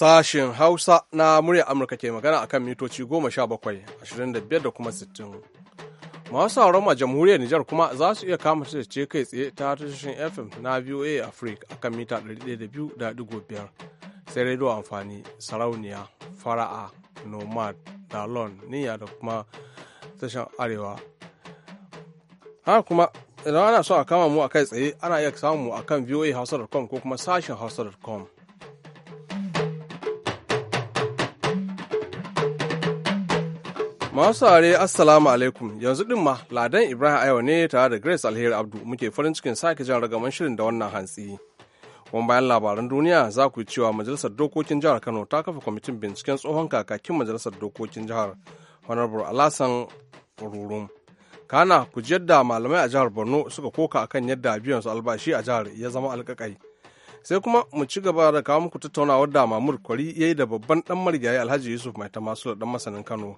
Sashen Hausa na murya Amurka ke magana akan mitoci 17, da kuma 60. Masu sauran ma jamhuriyar Nijar kuma za su iya kama ce kai tsaye ta tashoshin FM na VOA Africa akan mita 102.5 sai rediyo amfani sarauniya fara'a nomad dalon niyya da kuma tashan arewa haka kuma idan ana so a kama mu a kai tsaye ana iya samu a kan voahausa.com ko kuma sashen hausa.com Masu are assalamu alaikum yanzu din ma ladan Ibrahim Ayo ne tare da Grace Alheri Abdu muke farin cikin sake jan ragaman shirin da wannan hantsi. Kuma bayan labaran duniya za ku yi cewa majalisar dokokin jihar Kano ta kafa kwamitin binciken tsohon kakakin majalisar dokokin jihar Honorable Alasan Rurum. Kana ku ji yadda malamai a jihar Borno suka koka akan yadda biyan su albashi a jihar ya zama alƙaƙai. sai kuma mu ci gaba da kawo muku tattaunawar da mamur kwari ya yi da babban ɗan marigayi alhaji yusuf mai da dan masanin kano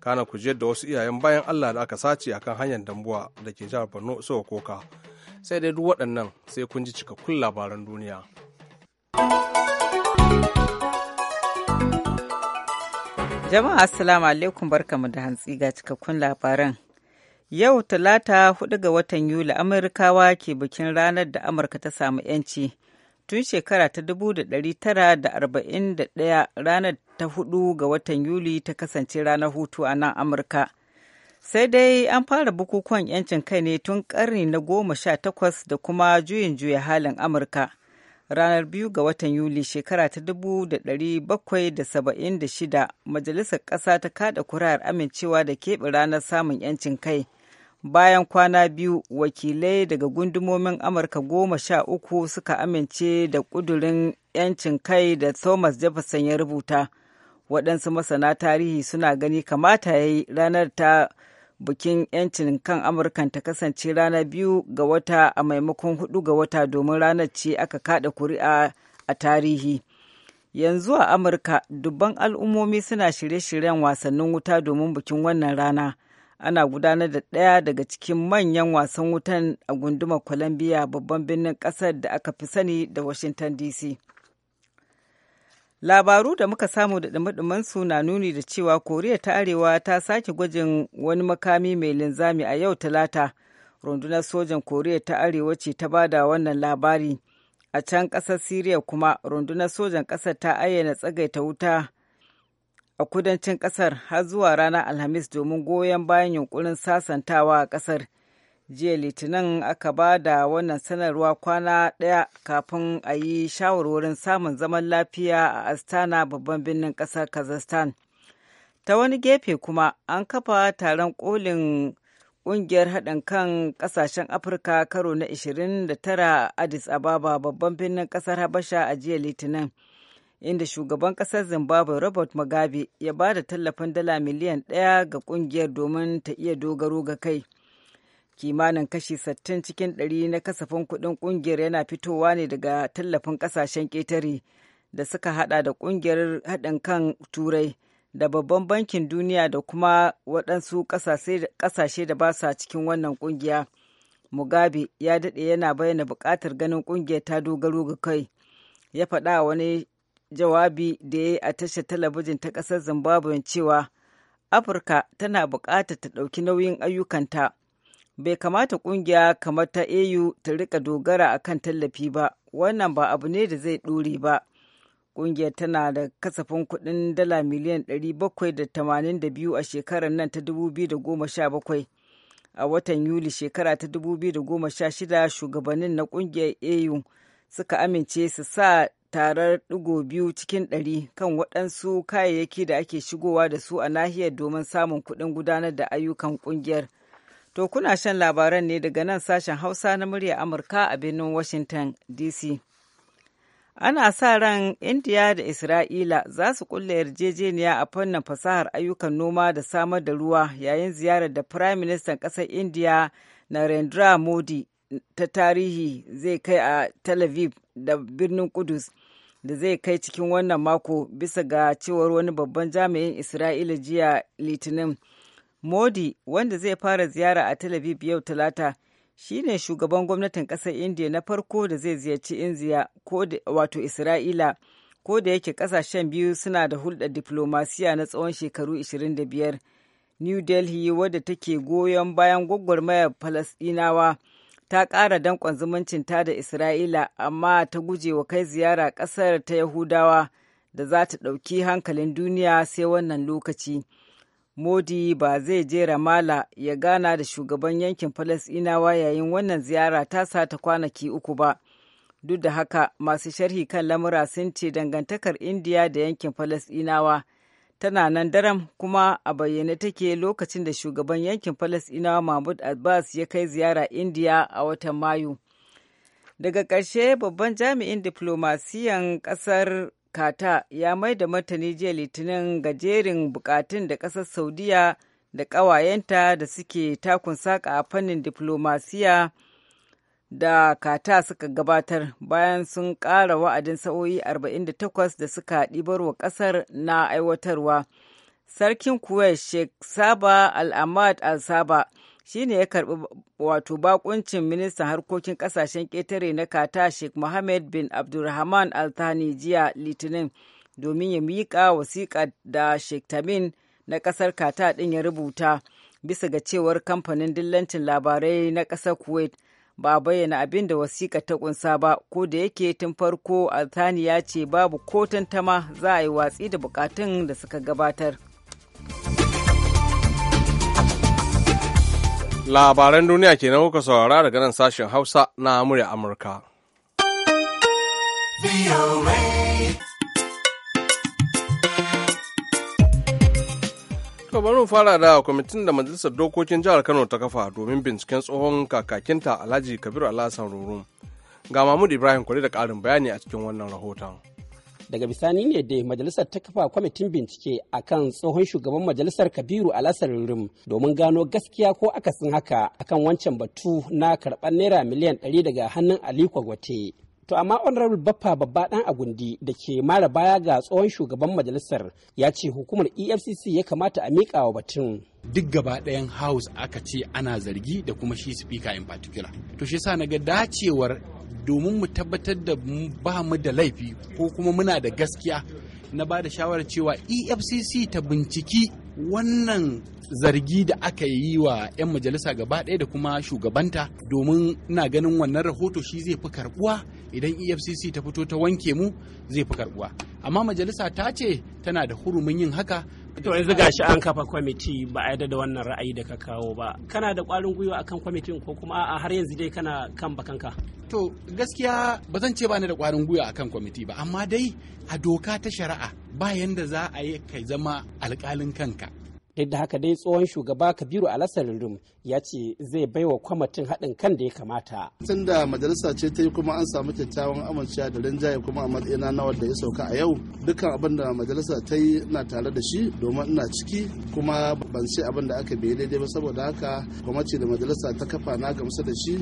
kana kujiyar da wasu iyayen bayan allah da aka sace akan hanyar dambuwa da ke jihar borno suka koka sai dai duk waɗannan sai kun ji cikakkun labaran duniya jama'a assalamu alaikum barkamu da hantsi ga cikakkun labaran yau talata 4 ga watan yuli amurkawa ke bikin ranar da amurka ta samu 'yanci tun shekara ta 1941 ranar ta hudu ga watan Yuli ta kasance ranar hutu a nan Amurka. Sai dai an fara bukukuwan 'yancin kai ne tun karni na goma sha takwas da kuma juyin juya halin Amurka. Ranar biyu ga watan Yuli shekara ta da da saba'in shida, Majalisar Ƙasa ta kada kuri'ar amincewa da keɓe ranar samun 'yancin kai. bayan kwana biyu wakilai daga gundumomin amurka goma sha uku suka amince da ƙudurin 'yancin kai da thomas jefferson ya rubuta waɗansu masana tarihi suna gani kamata ya yi ranar ta bikin 'yancin kan amurkan ta kasance rana biyu ga wata a maimakon hudu ga wata domin ranar ce aka kada kuri'a a tarihi yanzu a amurka dubban al'ummomi suna shirye-shiryen wasannin wuta domin bikin wannan rana. ana gudanar da ɗaya daga cikin manyan wasan wutan a gundumar columbia babban birnin ƙasar da aka fi sani da washington dc labaru da muka samu da ɗumi su na nuni da cewa koriya ta arewa ta sake gwajin wani makami mai linzami a yau talata rundunar sojan koriya ta arewa ce ta ba da wannan labari a can ƙasar siriya kuma rundunar sojan ƙasar ta ayyana tsagaita wuta a kudancin kasar har zuwa ranar alhamis domin goyon bayan yunkurin sasantawa a kasar jiya litinin aka ba da wannan sanarwa kwana ɗaya kafin a yi shawarwarin samun zaman lafiya a astana babban birnin kasar kazakhstan ta wani gefe kuma an kafa taron kolin ƙungiyar haɗin kan ƙasashen afirka karo na 29 a addis ababa babban birnin ƙasar habasha a jiya litinin inda shugaban ƙasar Zimbabwe Robert Mugabe ya ba da tallafin dala miliyan ɗaya ga ƙungiyar domin ta iya dogaro ga kai. Kimanin kashi 60 cikin ɗari na kasafin kuɗin ƙungiyar yana fitowa ne daga tallafin kasashen ƙetare da suka haɗa da ƙungiyar haɗin kan Turai da Babban Bankin Duniya da kuma waɗansu ƙasashe da ba sa cikin wannan ƙungiya. Mugabe ya daɗe yana bayyana buƙatar ganin ƙungiyar ta dogaro ga kai. Ya faɗa wani jawabi da ya yi a tashar talabijin ta ƙasar zimbabwe cewa afirka tana buƙatar ta ɗauki nauyin ayyukanta bai kamata ƙungiya kamar ta au ta rika dogara akan tallafi ba wannan ba abu ne da zai ɗore ba ƙungiyar tana da kasafin kuɗin dala miliyan 782 a shekarar nan ta 2017 a watan yuli shekara ta 2016 shugabannin na ƙungiyar au suka amince su sa tarar ɗigo biyu cikin ɗari kan waɗansu kayayyaki da ake shigowa da su a nahiyar domin samun kuɗin gudanar da ayyukan ƙungiyar. To kuna shan labaran ne daga nan sashen Hausa na murya Amurka a birnin Washington DC. Ana sa ran Indiya da Isra'ila za su kulle yarjejeniya a fannin fasahar ayyukan noma da samar da ruwa yayin ziyarar da Firayim Ministan ƙasar Indiya Narendra Modi ta tarihi zai kai a Tel Aviv da birnin Kudus da zai kai cikin wannan mako bisa ga cewar wani babban jami'in Isra'ila jiya Litinin. Modi wanda zai fara ziyara a Tel yau Talata shi ne shugaban gwamnatin ƙasar Indiya na farko da zai ziyarci Indiya wato Isra'ila ko da yake ƙasashen biyu suna da hulɗar diflomasiya na tsawon shekaru 25. New Delhi wadda take goyon bayan gwagwarmayar Falasɗinawa ta ƙara danƙon zumuncinta da Isra'ila amma ta guje wa kai ziyara ƙasar ta Yahudawa da za ta ɗauki hankalin duniya sai wannan lokaci. Modi ba zai je Ramala ya gana da shugaban yankin Falasɗinawa yayin wannan ziyara ta sa ta kwanaki uku ba. Duk da haka masu sharhi kan lamura sun ce dangantakar Indiya da yankin Falasɗinawa tana nan daram kuma a bayyane take lokacin da shugaban yankin falasɗinawa mahmud abbas ya kai ziyara indiya a watan mayu daga ƙarshe babban jami'in diflomasiyan ƙasar kata ya mai da martani jiya litinin gajerin buƙatun bukatun da ƙasar saudiya da ƙawayenta da suke takun saƙa a fannin diflomasiya da kata suka gabatar bayan sun ƙara wa'adin sa'o'i 48 da suka ɗibar wa ƙasar na aiwatarwa. Sarkin Kuwait Sheikh Saba Al-Ahmad Al-Saba shi ne ya karɓi wato bakuncin ministan harkokin ƙasashen ƙetare na kata Sheikh Mohammed bin Abdulrahman Al-Thani jiya Litinin domin ya miƙa wasiƙa da Sheikh Tamin na ƙasar kata ɗin ya rubuta bisa ga cewar kamfanin dillancin labarai na ƙasar Kuwait. ba bayyana abin da wasiƙa ta ƙunsa ba ko da yake tun farko altani ya ce babu ko tantama za a yi watsi da bukatun da suka gabatar labaran duniya kenan kuka saurara daga nan sashen hausa na murya amurka To bari mu fara da kwamitin da Majalisar Dokokin Jihar Kano ta kafa domin binciken tsohon kakakinta Alhaji Kabiru Alhassan Rurum. Ga Mahmud Ibrahim kwari da karin bayani a cikin wannan rahoton. Daga bisani ne da majalisar ta kafa kwamitin bincike a kan tsohon shugaban majalisar Kabiru Alhassan Rurum domin gano gaskiya ko akasin haka akan wancan batu na karɓar naira miliyan ɗari daga hannun Aliko Gwate. To amma Honorable Baffa babba dan agundi da ke mara baya ga tsohon shugaban majalisar ya ce hukumar EFCC ya kamata a miƙa wa batun. Duk gaba ɗayan House aka ce ana zargi da kuma shi speaker in particular. To shi sa naga dacewar domin mu tabbatar da ba mu da laifi ko kuma muna da gaskiya na ba da shawarar cewa EFCC ta binciki wannan zargi da aka yi wa 'yan majalisa gaba ɗaya da kuma shugabanta domin na ganin wannan rahoto shi zai fi karɓuwa idan efcc ta fito ta wanke mu zai fi karɓuwa amma majalisa ta ce tana da hurumin yin haka to yanzu gashi an kafa kwamiti ba a da wannan ra'ayi da ka kawo ba kana da ƙwarin gwiwa akan kwamitin ko kuma a har yanzu dai kana kan bakanka to gaskiya ba zan ce ba ni da ƙwarin gwiwa akan kwamiti ba amma dai a doka ta shari'a ba yanda za a yi kai zama alƙalin kanka duk da haka dai tsohon shugaba kabiru alassar rum ya ce zai baiwa kwamitin haɗin kan da ya kamata tun da majalisa ce ta yi kuma an samu kyakkyawan amincewa da rinjaye kuma a matsayina na wanda ya sauka a yau dukkan abin da majalisa ta yi ina tare da shi domin ina ciki kuma ban ce abin da aka bai daidai ba saboda haka kwamati da majalisa ta kafa na gamsu da shi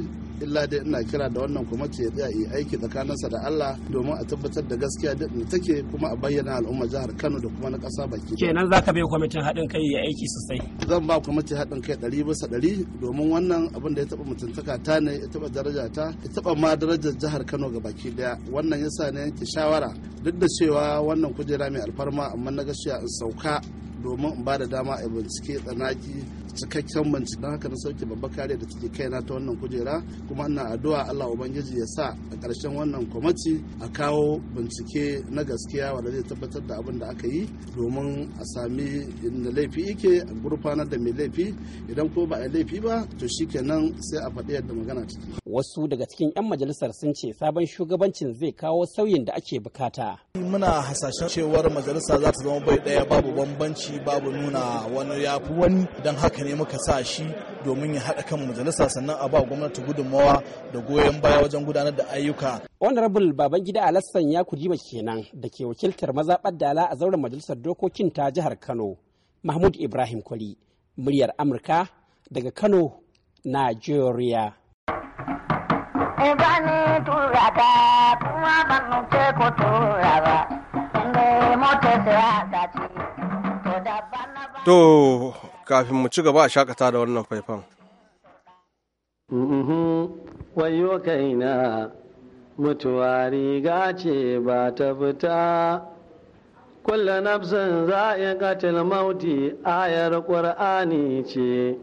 illa dai ina kira da wannan kuma ce ya tsaya yi aiki tsakaninsa da Allah domin a tabbatar da gaskiya da take kuma a bayyana al'umma jihar Kano da kuma na ƙasa baki kenan zaka bai kwamitin haɗin kai ya aiki sosai zan ba kwamitin haɗin kai ɗari bisa ɗari domin wannan abin da ya taɓa mutuntaka ta ne ya taɓa daraja ta ya taɓa ma darajar jihar Kano ga baki daya wannan yasa ne yanke shawara duk da cewa wannan kujera mai alfarma amma na gaskiya in sauka domin in ba da dama a bincike tsanaki cikakken bincike don haka na sauke babbar kariya da take kaina ta wannan kujera kuma ina addu'a Allah ubangiji ya sa a ƙarshen wannan kwamati a kawo bincike na gaskiya wanda zai tabbatar da abin da aka yi domin a sami inda laifi yake a gurfanar da mai laifi idan ko ba a laifi ba to shikenan sai a faɗi yadda magana ciki wasu daga cikin 'yan majalisar sun ce sabon shugabancin zai kawo sauyin da ake bukata muna hasashen cewar majalisa za ta zama bai ɗaya babu bambanci babu nuna wani ya fi wani don haka ne muka sa shi domin ya haɗa kan majalisa sannan a ba gwamnati gudunmawa da goyon baya wajen gudanar da ayyuka. Honorable Babangida Alassan ya kuji kenan da ke wakiltar Maza dala a zauren majalisar dokokin ta jihar Kano. Mahmud Ibrahim Kwali, muryar Amurka daga Kano, Najeriya. Eh, to kafin mu ci gaba a shakata da wannan faifan. Mm-hmm. Wayo kaina mutuwa riga ce ba ta fita, kulla nafsin za yi katil mauti ayar ƙur'ani ce,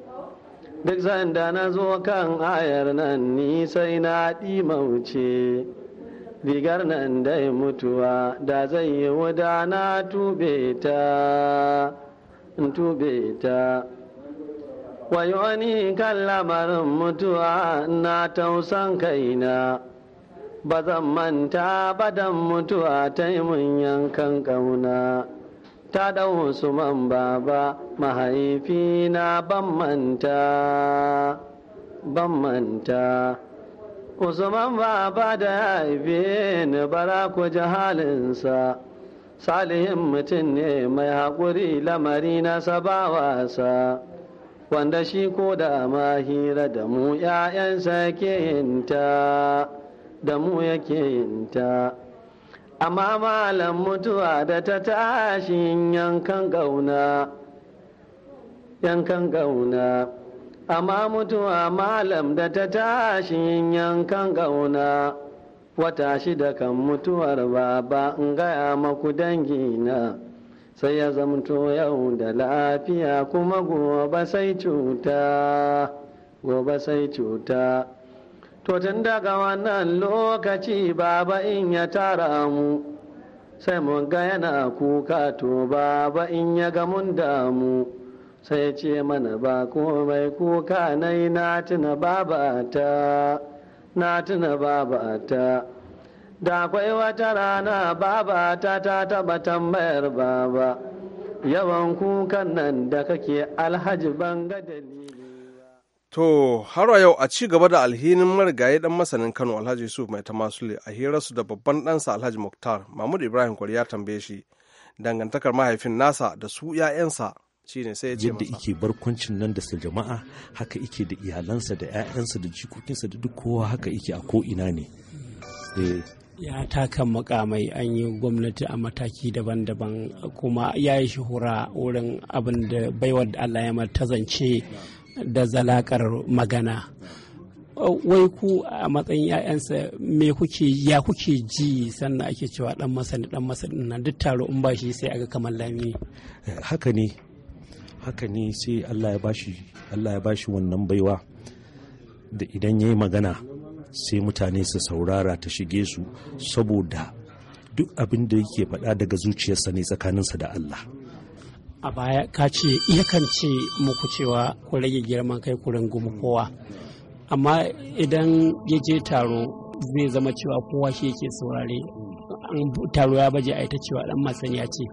duk sanda na zo kan ayar nan ni sai na ɗi mauce. rigar nan dai mutuwa da zai yi wuda na tube ta. Wai wani kan lamarin mutuwa na tausan kaina ba zan manta badan mutuwa ta yi mun yankan ƙauna ta ɗau man baba mahaifina ban manta ban manta usman baba da ya haife ni bara ku ji halinsa salihin mutum ne mai haƙuri lamari na sabawasa wanda shi ko da ma hira da mu ‘ya'yansa yake yinta da mu yake yinta amma malam mutuwa da ta tashi yankan gauna yankan gauna amma mutuwa malam da ta tashi yankan gauna wata shida kan mutuwar baba in gaya maku dangina sai ya zamto yau da lafiya kuma gobe sai cuta gobe sai cuta to tun daga wannan lokaci baba in ya tara mu sai mun ga yana kuka to baba in ya ga mun damu sai ce mana ba komai kuka na yi na tuna babata. na tuna babata da akwai wata rana babata ta taba tambayar baba yawan kukan nan da kake alhaji banga To, har yau a ci gaba da alhinin marigayi dan masanin Kano Alhaji Yusuf Mai Tamasule a hirarsu da babban ɗansa Alhaji Muktar, Mahmud Ibrahim Kwari ya tambaye shi dangantakar mahaifin nasa da su ‘ya'yansa. yadda barkwancin nan da su jama'a haka ike da iyalansa da 'ya'yansa da jikokinsa da duk kowa haka ike a ko'ina ne eh. ya taka makamai an yi gwamnati a mataki daban-daban kuma ya yi shahura wurin abin da baiwar da allah ya ta da zalakar magana wai ku a matsayin 'ya'yansa me kuke ya kuke ji sannan ake cewa dan masani dan masani na duk taro in ba shi sai aga kamar lami eh, haka ne haka ne sai allah ya bashi allah ya bashi wannan baiwa da idan ya yi magana sai mutane su saurara ta shige su saboda duk abin da yake faɗa daga zuciyarsa ne tsakaninsa da allah a baya ka ce yakan ce muku cewa ku rage girman kai ku rungumi kowa amma idan ya je taro zai zama cewa kowa shi yake saurare taro ya baje a ita cewa dan masaniya ce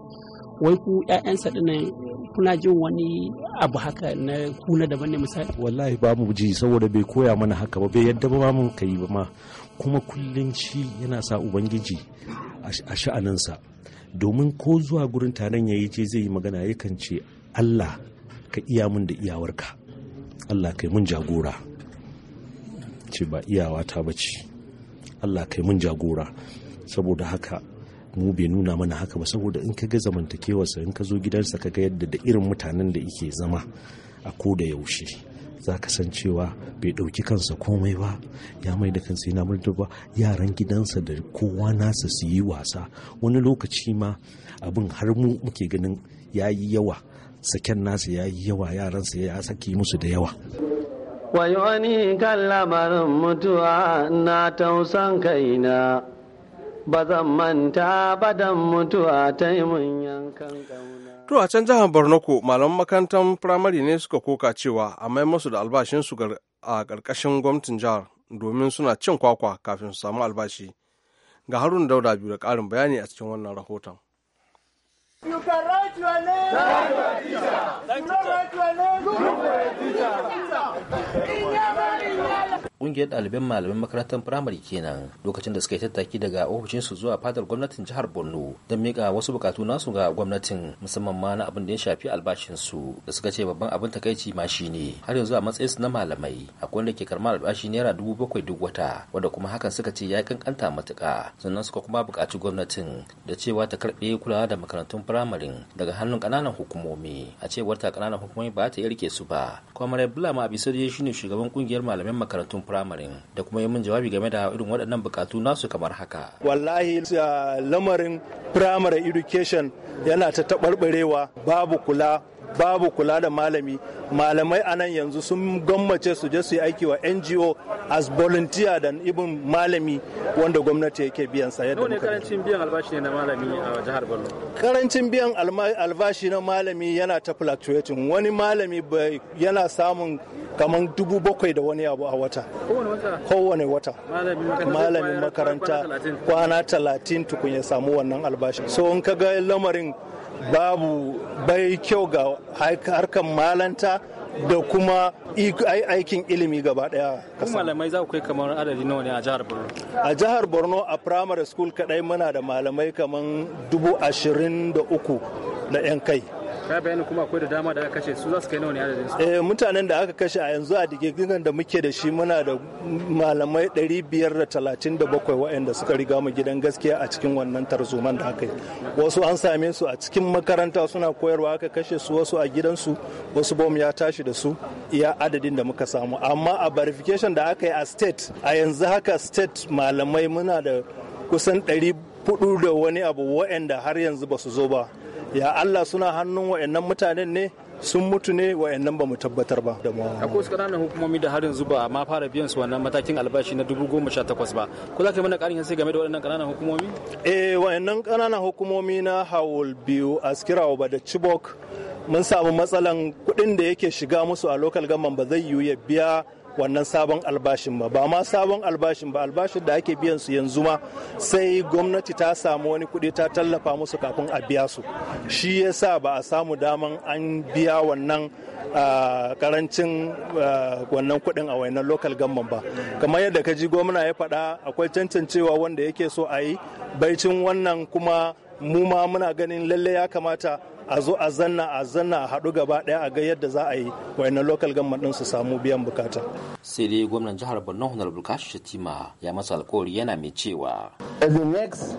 wai ku ƴaƴansa dinnan kuna jin wani abu haka na kuna daban ne misali wallahi ba mu ji saboda bai koya mana haka ba bai yadda ba mu kai ba ma kuma kullun shi yana sa ubangiji a sha'aninsa domin ko zuwa gurin taron yayi ce zai yi magana yakan ce Allah ka iya mun da iyawarka Allah kai mun jagora ce ba iyawa ta bace Allah kai mun jagora saboda haka mu bai nuna mana haka ba saboda in ka ga zamantakewarsa in ka zo gidansa ka ga yadda da irin mutanen da yake zama a ko da yaushe za ka san cewa bai ɗauki kansa komai ba ya mai da kansa yana murta ba yaran gidansa da kowa nasa su yi wasa wani lokaci ma abin har mu muke ganin ya yi yawa saken nasa ya yi yawa yaransa ya saki musu da yawa wani kan labarin mutuwa na tausan kaina ba zan manta ba dan mutuwa ta yi mun yankan To a can jihar Borno ko malaman makarantar firamare ne suka koka cewa a mai masu da albashinsu a ƙarƙashin gwamnatin jihar domin suna cin kwakwa kafin su samu albashi. Ga harun dauda biyu da ƙarin bayani a cikin wannan rahoton. You can write your name. ne kungiyar ɗaliban malaman makarantar firamare kenan lokacin da suka yi tattaki daga ofishinsu zuwa fadar gwamnatin jihar borno don mika wasu bukatu nasu ga gwamnatin musamman ma na abin da ya shafi albashinsu da suka ce babban abin takaici ma shi ne har yanzu a matsayinsu na malamai akwai wanda ke karɓar albashi naira dubu bakwai duk wata wanda kuma hakan suka ce ya kankanta matuƙa sannan suka kuma buƙaci gwamnatin da cewa ta karɓe kulawa da makarantun firamarin daga hannun ƙananan hukumomi a cewar ta ƙananan hukumomi ba ta iya su ba kwamarai bulama abisar ya shine shugaban kungiyar malaman makarantun firamare da kuma yi min jawabi game da irin waɗannan bukatu nasu kamar haka. Wallahi lamarin firamare education yana ta taɓarɓarewa babu kula babu kula da malami malamai a nan yanzu sun gwammace su je su yi aiki wa ngo as volunteer da ibin malami wanda gwamnati yake biyan sa yadda muka karancin biyan albashi na malami a jihar borno karancin biyan albashi na malami yana ta fluctuating wani malami yana samun kamar dubu bakwai da wani abu a wata kowane wata malamin makaranta kwana talatin tukun ya samu wannan albashi so in ka ga lamarin babu bai kyau ga harkan malanta da kuma aikin ilimi gaba daya kasa. malamai za ku kai kamar adadi nawa ne a jihar Borno? A jihar Borno a primary school kadai muna da malamai kamar dubu ashirin da uku da 'yan kai. ka bayani kuma akwai da dama da aka kashe su za su kai nawa ne adadin su eh mutanen da aka kashe a yanzu a digirgin da muke da shi muna da malamai 537 waɗanda suka riga mu gidan gaskiya a cikin wannan tarzoman da aka yi wasu an same su a cikin makaranta suna koyarwa aka kashe su wasu a gidansu wasu bom ya tashi da su iya adadin da muka samu amma a verification da aka yi a state a yanzu haka state malamai muna da kusan 400 da wani abu waɗanda har yanzu ba su zo ba ya Allah suna hannun wa'annan mutanen ne sun mutu ne wa'annan ba mu tabbatar ba da mu akwai wasu kananan hukumomi da harin zuba ma fara biyan su wannan matakin albashi na dubu goma sha takwas ba ko za ka yi mana karin sai game da waɗannan kananan hukumomi eh wa'annan kananan hukumomi na hawul biyu askira ba da chibok mun samu matsalan kuɗin da yake shiga musu a lokal government ba zai yiwu ya biya wannan sabon albashin ba ba ma sabon albashin ba albashin da ake biyan su yanzu ma sai gwamnati ta samu wani kuɗi ta tallafa musu kafin a biya su shi ya sa ba a samu daman an biya wannan karancin wannan kuɗin a wannan local government ba kamar yadda ka ji gwamna ya faɗa akwai cancancewa wanda yake so a yi baicin wannan kuma mu ma muna ganin lalle ya kamata a zo a zanna a zanna a haɗu gaba ɗaya a ga yadda za a yi wayannan local government ɗin su samu biyan bukata. sai dai gwamnan jihar borno honorable kashi shatima ya masa alkawari yana mai cewa. the next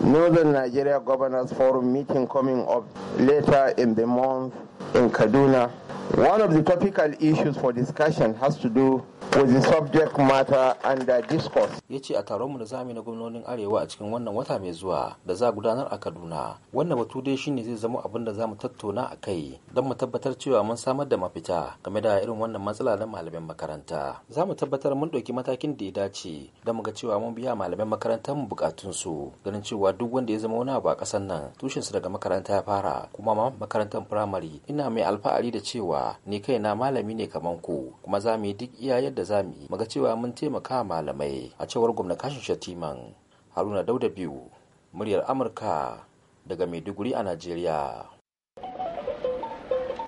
Northern Nigeria Governors Forum meeting coming up later in the month in Kaduna. One of the topical issues for discussion has to do with the subject matter under discourse. Ya ce a taronmu da zami na gwamnonin Arewa a cikin wannan wata mai zuwa da za gudanar a Kaduna. Wannan batu dai shine zai zama abin da za mu tattauna a kai don mu tabbatar cewa mun samar da mafita game da irin wannan matsala na malamin makaranta. Za mu tabbatar mun ɗauki matakin da ya dace don mu ga cewa mun biya malamin makarantar mu bukatunsu ganin cewa cewa duk wanda ya zama wani abu a kasan nan tushensa daga makaranta ya fara kuma ma makarantar firamare ina mai alfahari da cewa ni na malami ne kaman ku kuma za mu yi duk iya yadda za mu yi muga cewa mun taimaka malamai a cewar gwamna kashin shatiman haruna dauda biyu muryar amurka daga maiduguri a najeriya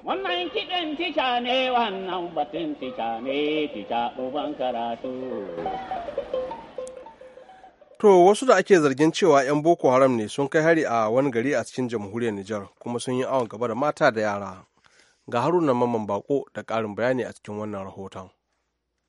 wannan kiɗan tica ne wannan batun tica ne tica uban karatu To wasu da ake zargin cewa 'yan Boko Haram ne sun kai hari a wani gari a cikin jamhuriyar Nijar kuma sun yi awon gaba da mata da yara. Ga haruna mamman bako da ƙarin bayani a cikin wannan rahoton.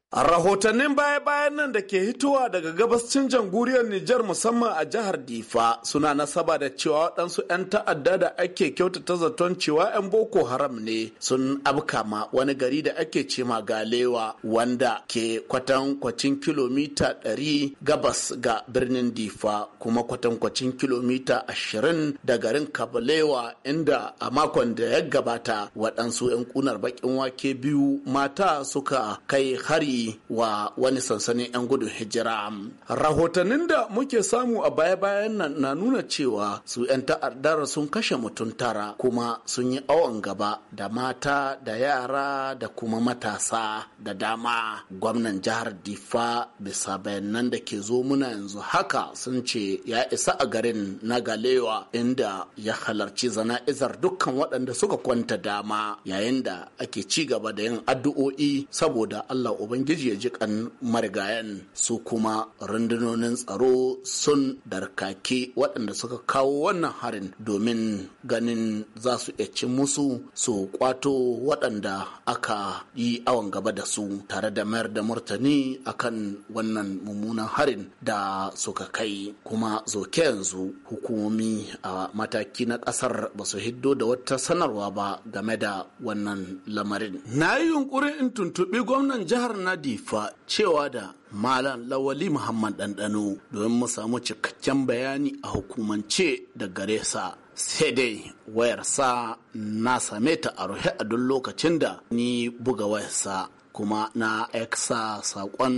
A rahotannin baya-bayan nan da ke hitowa daga gabas cin jamhuriyar Nijar musamman a jihar Difa suna nasaba da cewa waɗansu 'yan ta'adda da ake kyautata zaton cewa 'yan Boko Haram ne sun abkama wani gari da ake cema Galewa wanda ke kwatan-kwacin kilomita 100 gabas ga birnin Difa kuma kwatan-kwacin kilomita 20 da garin Kabalewa inda a makon da ya gabata waɗansu 'yan kunar baƙin wake biyu mata suka kai hari wa wani sansanin 'yan gudun hijira rahotannin da muke samu a baya-bayan nan na nuna cewa su 'yan ta'addar sun kashe mutum tara kuma sun yi awon gaba da mata da yara da kuma matasa da dama gwamnan jihar difa bisa bayanan da ke zo muna yanzu haka sun ce ya isa a garin na galewa inda ya halarci zana'izar dukkan waɗanda suka kwanta dama yayin da ake ci gaba da yin addu'o'i saboda allah ubangiji ubangiji ya marigayen su kuma rundunonin tsaro sun darkake waɗanda suka kawo wannan harin domin ganin za su ci musu su kwato waɗanda aka yi awon gaba da su tare da mayar da martani akan wannan mummunan harin da suka kai kuma zoke yanzu hukumomi a mataki na ƙasar ba su hiddo da wata sanarwa ba game da wannan lamarin na yi yunkurin in tuntuɓi gwamnan jihar na difa cewa da Malam Lawali Muhammad Ɗanɗano domin mu samu cikakken bayani a hukumance da gare sa. Sai dai wayarsa na same ta a ruhe a duk lokacin da ni buga wayarsa kuma na aiksa saƙon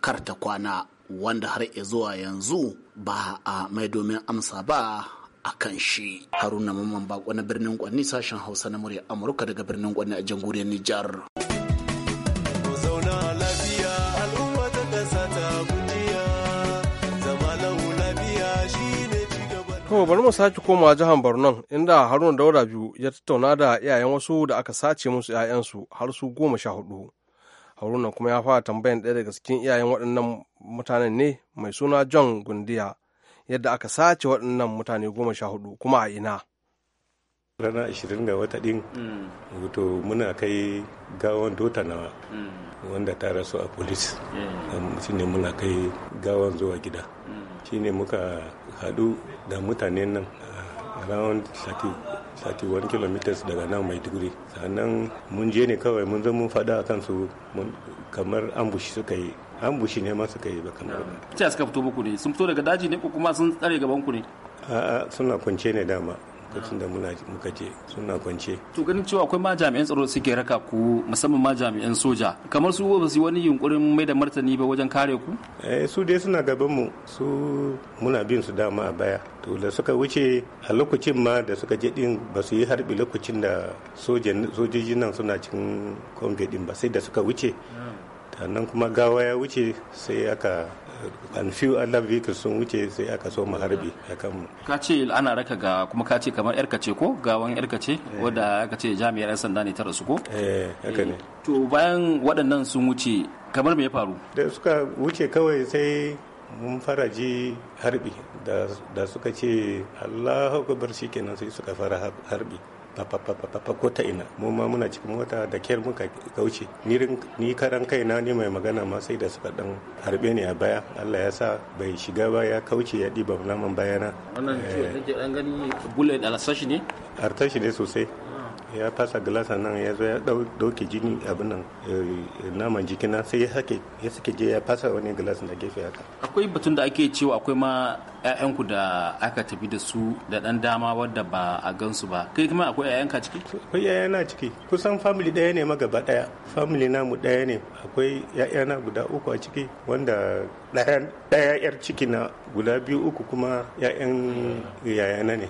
karta kwana wanda har zuwa yanzu ba a mai domin amsa ba a kan shi haruna mamman bako na birnin kwanni sashen hausa na murya amurka daga birnin kwanni a jamhuriyar nijar. To bari mu sake koma jihar Borno inda Haruna Daura biyu ya tattauna da iyayen wasu da aka sace musu 'ya'yansu har su goma sha hudu. Haruna kuma ya fara tambayan ɗaya daga cikin iyayen waɗannan mutanen ne mai suna John Gundiya yadda aka sace waɗannan mutane goma sha hudu kuma a ina. Rana ashirin ga wata ɗin, mm. wato muna kai gawan dota nawa mm. wanda ta rasu a polis. Shi ne muna kai gawan zuwa gida. Mm. Shi ne muka haɗu da mutanen nan ah, around 31 kilometers daga nan maiduguri sannan mun je ne kawai mun zo mun faɗa a kansu kamar ambushi suka yi ambushi ne ma suka yi ba kamar ba ce suka fito muku ne sun fito daga daji ne ko kuma sun tsare gaban ku ne a'a suna kunce ne dama lokacin da muka ce suna kwance to ganin cewa akwai ma jami'an tsaro suke raka ku musamman ma jami'an soja kamar su ba su wani yunkurin mai da martani ba wajen kare ku eh su dai suna gaban mu su muna bin su dama a baya to da suka wuce a lokacin ma da suka je din ba su yi harbi lokacin da sojoji nan suna cikin kwamfe din ba sai da suka wuce ah. nan kuma gawa ya wuce sai aka an few alarm vehicles sun wuce sai aka so mu harbi a mu ka ce ana raka ga kuma ka ce kamar yar ce ko wani yar ce eh. wadda aka ce jami'ar 'yan sanda ne ta rasu ko eh haka ne eh, to bayan waɗannan sun wuce kamar me ya faru da suka wuce kawai sai mun fara ji harbi da suka ce allahu akbar shikenan sai suka fara harbi ko ta ina mu ma muna cikin mota da kyar muka kauce ni karan na ne mai magana ma sai da suka dan harbe ni a baya Allah ya sa bai shiga ba ya kauce ya diba naman bayana wannan ciwo dan eh. gani bullet alasashi ne artashi ne sosai ah. ya fasa gilasa nan ya zo ya dauke jini abin nan eh, naman jikina sai ya sake je ya fasa wani gilas na gefe haka akwai batun da ake cewa akwai ma 'ya'yanku da aka tafi da su da ɗan dama wadda ba a gansu ba kai kuma akwai 'ya'yanka ciki akwai 'ya'yana ciki kusan family ɗaya ne magaba ɗaya family namu ɗaya ne akwai na guda uku a ciki wanda ɗaya 'yar ciki na guda biyu uku kuma 'ya'yan yayana ne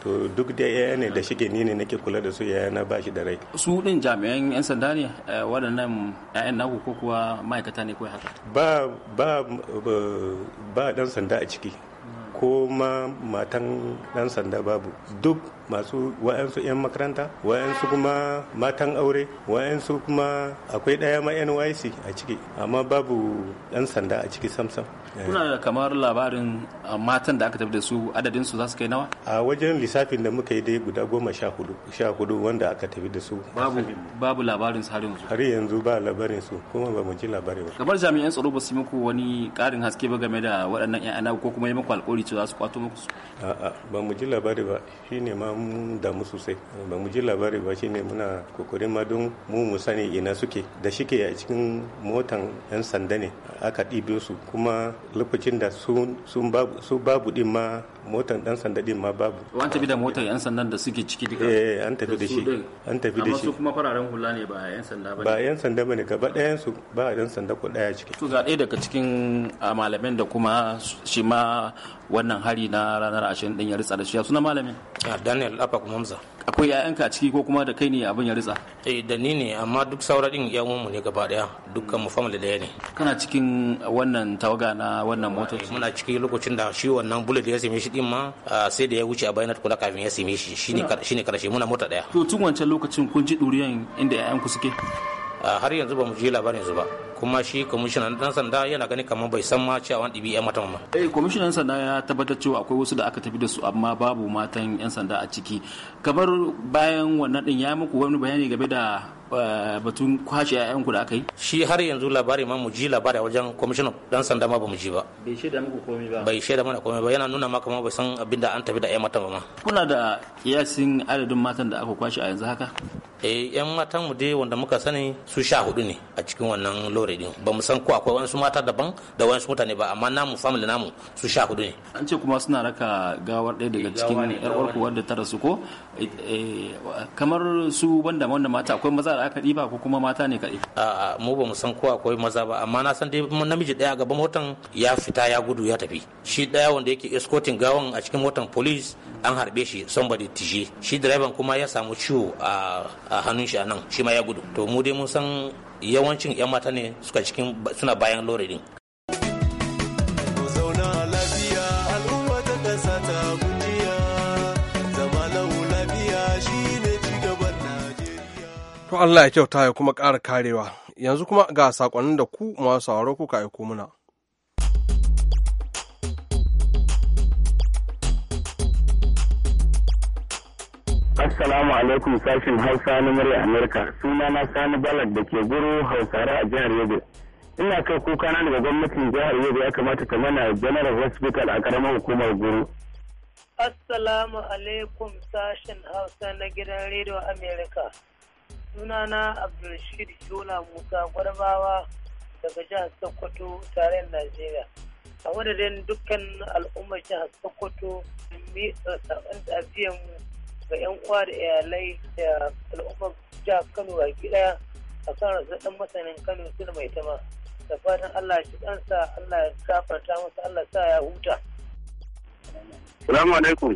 to duk da ya ne da shige ni ne nake kula da su yayana ba shi da rai su din jami'an yan sanda ne eh, waɗannan yayan naku ko kuwa ma'aikata ne ko haka ba ba ba dan sanda a ciki ko ma matan dan sanda babu duk masu wa'ansu 'yan makaranta wa'ansu kuma matan aure wa'ansu kuma akwai ɗaya ma nyc a ciki amma babu ɗan sanda a ciki samsam eh. kuna da kamar labarin ah, matan da aka tafi da su adadin su za su kai nawa a wajen lissafin da muka yi dai guda goma sha hudu sha hudu wanda aka tafi da su babu babu labarin su har yanzu har yanzu ba labarin su kuma ba mu ji labarin ba kamar jami'an tsaro ba su muku wani ƙarin haske ba game da waɗannan 'yan ko kuma yi muku alƙawari cewa za su kwato muku su a'a ba mu ji labari ba shine ma mun damu sosai ba mu ji labari ba shine muna kokarin ma don mu mu sani ina suke da shike a cikin motan yan sanda ne aka ɗibe su kuma lokacin da su babu din ma motan dan sanda din ma babu an tafi da motar yan sandan da suke ciki duka eh an tafi da shi an tafi da shi amma su kuma fararen hula ne ba yan sanda bane ba yan sanda bane gaba ɗayan su ba yan sanda ko ɗaya ciki to ga ɗaya daga cikin ah, malamin da kuma shi ma wannan hari na ranar 20 din ya ritsa da shi suna malamin ah, daniel apa kuma akwai yayanka a ciki ko kuma da kai ne abin ya ritsa eh da ni ne amma duk saura din ya mu ne gaba daya dukkan mu family daya ne kana cikin wannan tawaga na wannan eh, motoci. muna cikin lokacin da shi wannan bullet ya same shi din ma sai da ya wuce a bayanat kula kafin ya same shi shine shine karshe muna mota daya to tun wancan lokacin kun ji duriyan inda ya'yanku suke har yanzu ba mu ji labarin su ba kuma shi kwamishinan dan sanda yana gani kamar bai san ma cewa wani ɗibi 'yan matan ba. eh kwamishinan sanda ya tabbatar cewa akwai wasu da aka tafi da su amma babu matan 'yan sanda a ciki kamar bayan wannan ɗin ya muku wani bayani game da eh, batun kwashe 'ya'yanku da aka yi? shi har yanzu labari ma mu ji labari a wajen kwamishinan dan sanda ma ba mu ji ba bai shaida muku komai ba bai shaida mana komai ba yana nuna ma kamar bai san abin da an tafi da 'yan matan ba ma kuna da kiyasin adadin matan da aka kwashe a yanzu haka eh 'yan matan mu dai wanda muka sani su sha hudu ne a cikin wannan lori zaure din ba mu san ko akwai wasu mata daban da wasu mutane ba amma namu family namu su sha hudu ne an ce kuma suna raka gawar ɗaya daga cikin yar uwarku wanda ta rasu ko eh, eh, kamar su banda wanda mata akwai maza da aka ɗiba ko kuma mata ne kaɗai a mu ba mu san ko akwai maza ba amma na san dai namiji ɗaya gaban motan ya fita ya gudu ya tafi shi ɗaya wanda yake escorting gawan a cikin motan police an harbe shi somebody tije shi driver kuma ya samu ciwo a hannun shi a nan shi ma ya gudu to mu dai mun san yawancin 'yan mata ne suka cikin suna bayan lori Najeriya. To Allah ya kyauta ya kuma ƙara karewa, yanzu kuma ga saƙonin da ku masu sauraro kuka aiko mana Assalamu alaikum sashin Hausa na murya Amerika. Suna na Sani Balak da ke guru Hausare a jihar Yobe. Ina kai kuka na daga gwamnatin jihar Yobe ya kamata ka mana General Hospital a karamar hukumar guru. Assalamu alaikum sashin Hausa na gidan Radio Amerika. Suna na Abdulrashid Yola Musa Gwarbawa daga jihar Sokoto tare da Najeriya. A wadadin dukkan al'ummar jihar Sokoto, mi mu ga 'yan uwa da iyalai da al'ummar jihar Kano a gida a kan rasu masanin Kano suna mai tama. Da fatan Allah shi ɗansa Allah ya kafarta masa Allah sa ya huta. Salamu alaikum.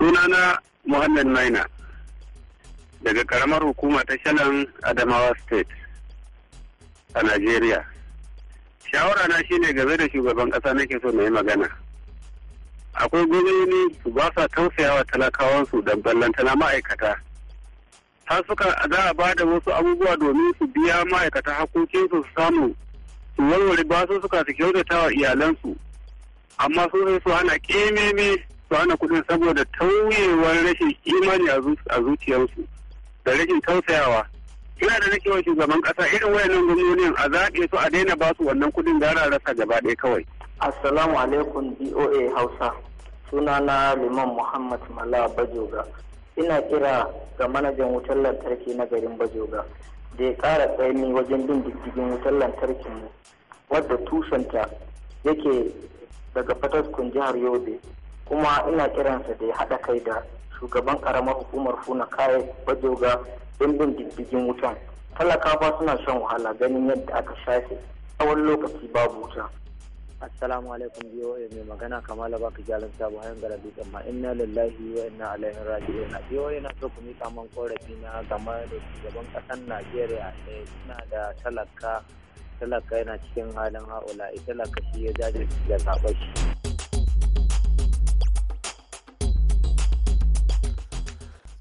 Sunana Muhammad Maina daga karamar hukuma ta Shalan Adamawa State a Najeriya. Shawara na shine game da shugaban ƙasa nake so na yi magana. akwai gwamnoni ba sa tausayawa talakawansu da ballantana ma'aikata ta suka za a ba da wasu abubuwa domin su biya ma'aikata hakokin su samu su warware ba su suka su kyautata wa iyalansu amma sun sai su hana kememe su hana kuɗin saboda tauyewar rashin imani a zuciyarsu da rashin tausayawa ina da nake wa shugaban ƙasa irin wayannan gwamnonin a zaɓe su a daina ba su wannan kuɗin gara rasa gaba ɗaya kawai Assalamu alaikum doa Hausa. Sunana Liman Muhammad Mala Bajoga. Ina kira ga manajan wutar lantarki na garin Bajoga da ya ƙara tsaini wajen bin diddigin wutar lantarkin mu wadda tushenta yake daga fataskun jihar Yobe. Kuma ina kiransa da ya haɗa kai da shugaban ƙaramar hukumar Funa Kaya Bajoga don bin diddigin wutan. Talakawa suna shan wahala ganin yadda aka shafe tsawon lokaci babu wuta. assalamu alaikum voa mai magana kamala baka gyaran sabu hayan gara dutsen ma inna lillahi wa inna alaihi raji'un na voa na so ku mika man korafi na game da shugaban kasan najeriya ne eh, suna da talaka talaka yana cikin halin haula talaka shi ya jajirce da zaɓar shi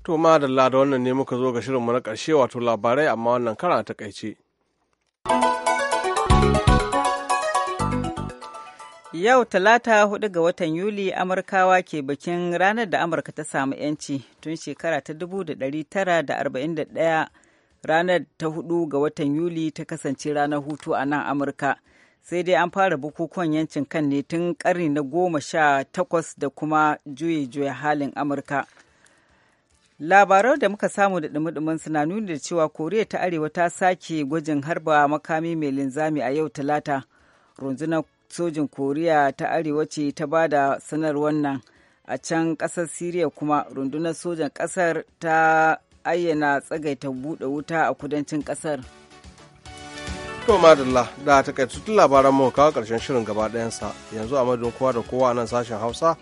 To ma da wannan ne muka zo ga shirinmu na karshe wato labarai amma wannan kara takaice. Yau Talata hudu ga watan Yuli Amurkawa ke bikin ranar da Amurka ta samu 'yanci tun shekara ta da tara 1941 ranar ta hudu ga watan Yuli ta kasance ranar hutu a nan Amurka. Sai dai an fara bukukuwan yancin kan ne tun karni na goma sha takwas da kuma juye juye halin Amurka. Labaran da muka samu da ɗumi-ɗumin suna nuna da cewa Koriya ta Arewa ta sake gwajin harba makami mai linzami a yau Talata. Runzunar sojin koriya ta arewa ce ta ba da sanarwar nan a can ƙasar siriya kuma rundunar sojan kasar ta ayyana tsagaita buɗe wuta a kudancin kasar. to madalla da takaitattun labaran mu kawo ƙarshen shirin gaba ɗayansa yanzu a madadin kowa da kowa a nan sashen hausa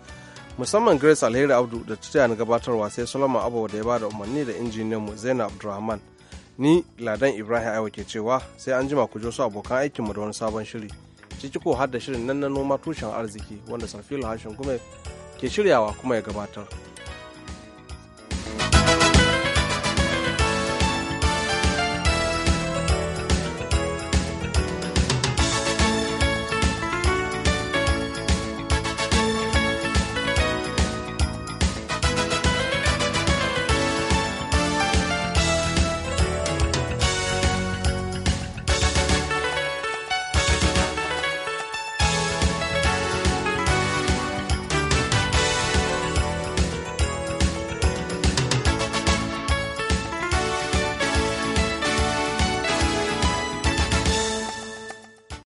musamman grace alheri abdu da ta na gabatarwa sai solomon abu da ya ba da umarni da injiniyan mu zainab abdulrahman ni ladan ibrahim aiwa ke cewa sai an jima ku je su abokan aikinmu da wani sabon shiri ci ko har da shirin nan na noma tushen arziki wanda sarfilo hashin kuma ke shiryawa kuma ya gabatar